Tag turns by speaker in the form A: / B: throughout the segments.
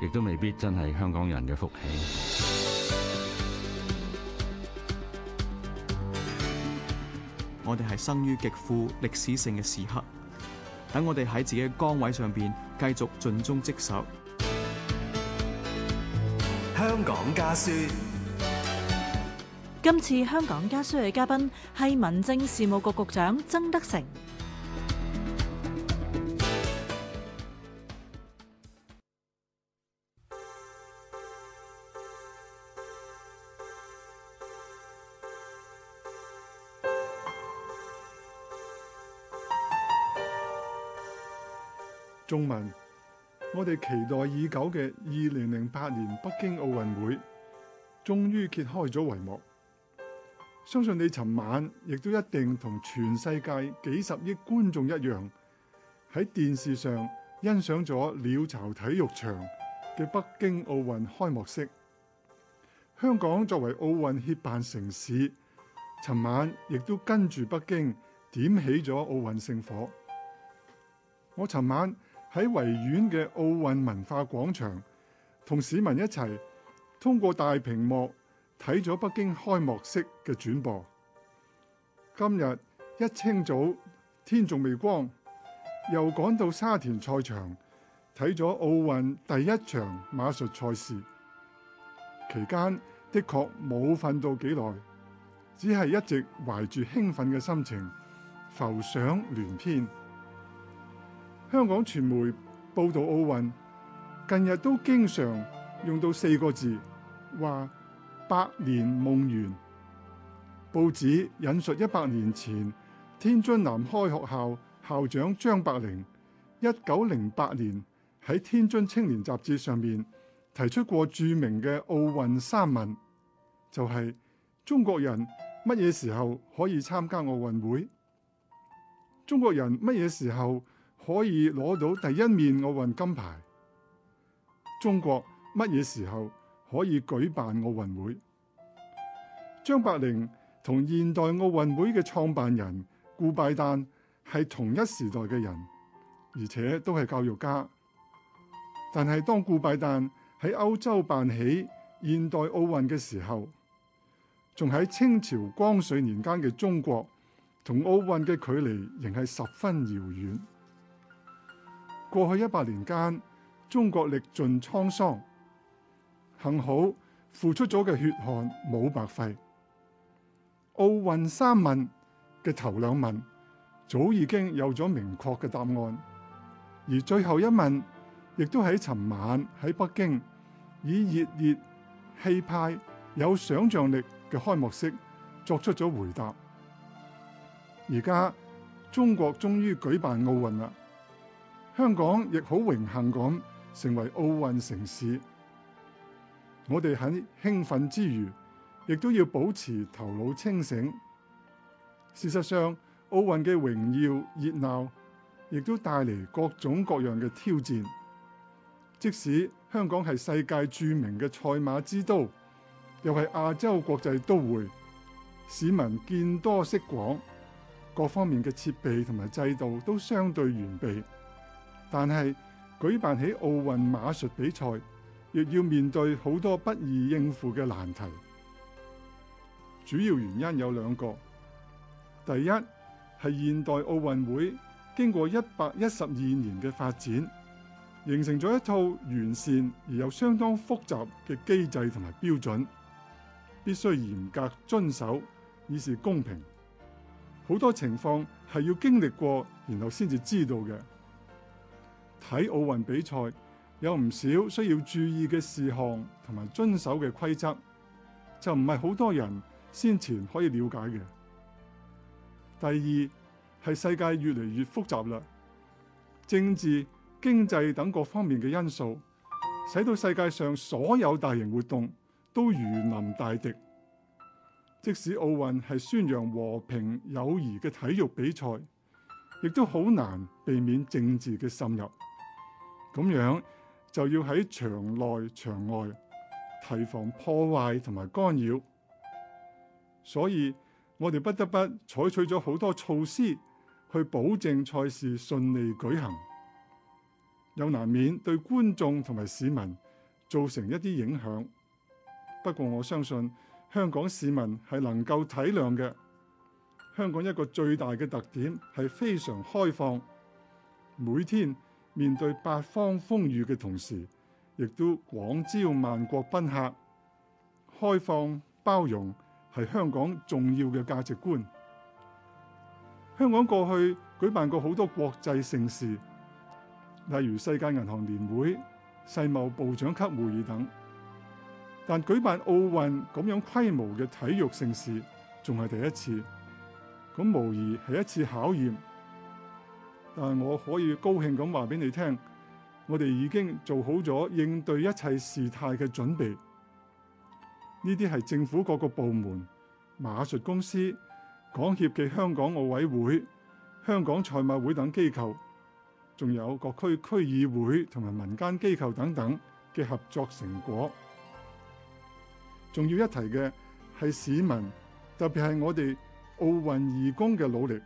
A: 亦都未必真係香港人嘅福氣。我哋係生於極富歷史性嘅時刻，等我哋喺自己嘅崗位上邊繼續盡忠職守。香港家書。今次香港家書嘅嘉賓係民政事務局局長曾德成。中文，我哋期待已久嘅二零零八年北京奧運會終於揭開咗帷幕。相信你尋晚亦都一定同全世界幾十億觀眾一樣，喺電視上欣賞咗鳥巢體育場嘅北京奧運開幕式。香港作為奧運協辦城市，尋晚亦都跟住北京點起咗奧運聖火。我尋晚。喺維園嘅奧運文化廣場，同市民一齊通過大屏幕睇咗北京開幕式嘅轉播。今日一清早，天仲未光，又趕到沙田賽場睇咗奧運第一場馬術賽事。期間的確冇瞓到幾耐，只係一直懷住興奮嘅心情，浮想聯翩。香港傳媒報導奧運，近日都經常用到四個字，話百年夢圓。報紙引述一百年前天津南開學校校長張伯苓，一九零八年喺《天津青年雜誌》上面提出過著名嘅奧運三問，就係、是、中國人乜嘢時候可以參加奧運會？中國人乜嘢時候？可以攞到第一面奧運金牌。中國乜嘢時候可以舉辦奧運會？張伯苓同現代奧運會嘅創辦人顧拜旦係同一時代嘅人，而且都係教育家。但係當顧拜旦喺歐洲辦起現代奧運嘅時候，仲喺清朝光緒年間嘅中國，同奧運嘅距離仍係十分遙遠。過去一百年間，中國歷盡滄桑，幸好付出咗嘅血汗冇白費。奧運三問嘅頭兩問，早已經有咗明確嘅答案，而最後一問，亦都喺尋晚喺北京以熱烈、氣派、有想象力嘅開幕式作出咗回答。而家中國終於舉辦奧運啦！香港亦好榮幸咁成為奧運城市。我哋很興奮之餘，亦都要保持頭腦清醒。事實上，奧運嘅榮耀熱鬧，亦都帶嚟各種各樣嘅挑戰。即使香港係世界著名嘅賽馬之都，又係亞洲國際都會，市民見多識廣，各方面嘅設備同埋制度都相對完備。但係舉辦起奧運馬術比賽，亦要面對好多不易應付嘅難題。主要原因有兩個。第一，係現代奧運會經過一百一十二年嘅發展，形成咗一套完善而又相當複雜嘅機制同埋標準，必須嚴格遵守，以示公平。好多情況係要經歷過，然後先至知道嘅。睇奧運比賽有唔少需要注意嘅事項同埋遵守嘅規則，就唔係好多人先前可以了解嘅。第二，係世界越嚟越複雜啦，政治、經濟等各方面嘅因素，使到世界上所有大型活動都如臨大敵。即使奧運係宣揚和平友誼嘅體育比賽，亦都好難避免政治嘅滲入。咁樣就要喺場內場外提防破壞同埋干擾，所以我哋不得不採取咗好多措施去保證賽事順利舉行，又難免對觀眾同埋市民造成一啲影響。不過我相信香港市民係能夠體諒嘅。香港一個最大嘅特點係非常開放，每天，面對八方風雨嘅同時，亦都廣招萬國賓客，開放包容係香港重要嘅價值觀。香港過去舉辦過好多國際盛事，例如世界銀行年會、世貿部長級會議等，但舉辦奧運咁樣規模嘅體育盛事仲係第一次，咁無疑係一次考驗。但係我可以高興咁話俾你聽，我哋已經做好咗應對一切事態嘅準備。呢啲係政府各個部門馬術公司、港協嘅香港奧委會香港賽馬會等機構仲有各區區議會同埋民間機構等等嘅合作成果。仲要一提嘅係市民，特別係我哋奧運義工嘅努力。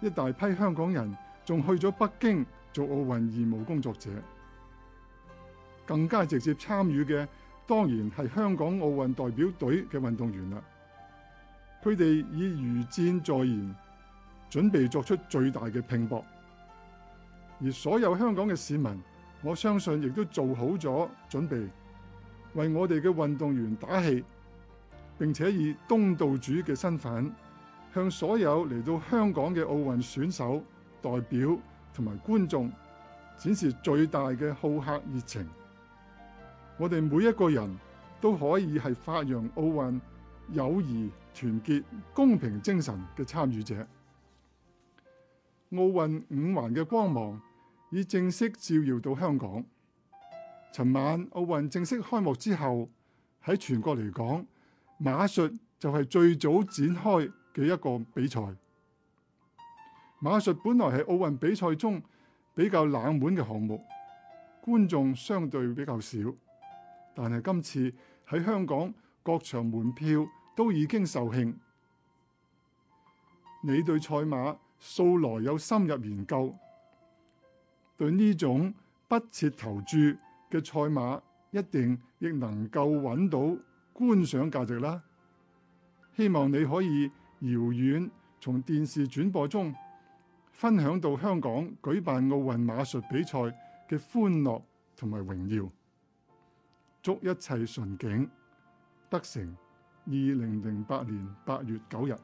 A: 一大批香港人仲去咗北京做奧運義務工作者，更加直接參與嘅當然係香港奧運代表隊嘅運動員啦。佢哋已如箭在弦，準備作出最大嘅拼搏。而所有香港嘅市民，我相信亦都做好咗準備，為我哋嘅運動員打氣，並且以東道主嘅身份。向所有嚟到香港嘅奧運選手、代表同埋觀眾展示最大嘅好客熱情。我哋每一個人都可以係發揚奧運友誼、團結、公平精神嘅參與者。奧運五環嘅光芒已正式照耀到香港。尋晚奧運正式開幕之後，喺全國嚟講，馬術就係最早展開嘅一個比賽，馬術本來係奧運比賽中比較冷門嘅項目，觀眾相對比較少。但係今次喺香港各場門票都已經售罄。你對賽馬素來有深入研究，對呢種不設投注嘅賽馬，一定亦能夠揾到觀賞價值啦。希望你可以。遙遠，從電視轉播中分享到香港舉辦奧運馬術比賽嘅歡樂同埋榮耀，祝一切順景得成。二零零八年八月九日。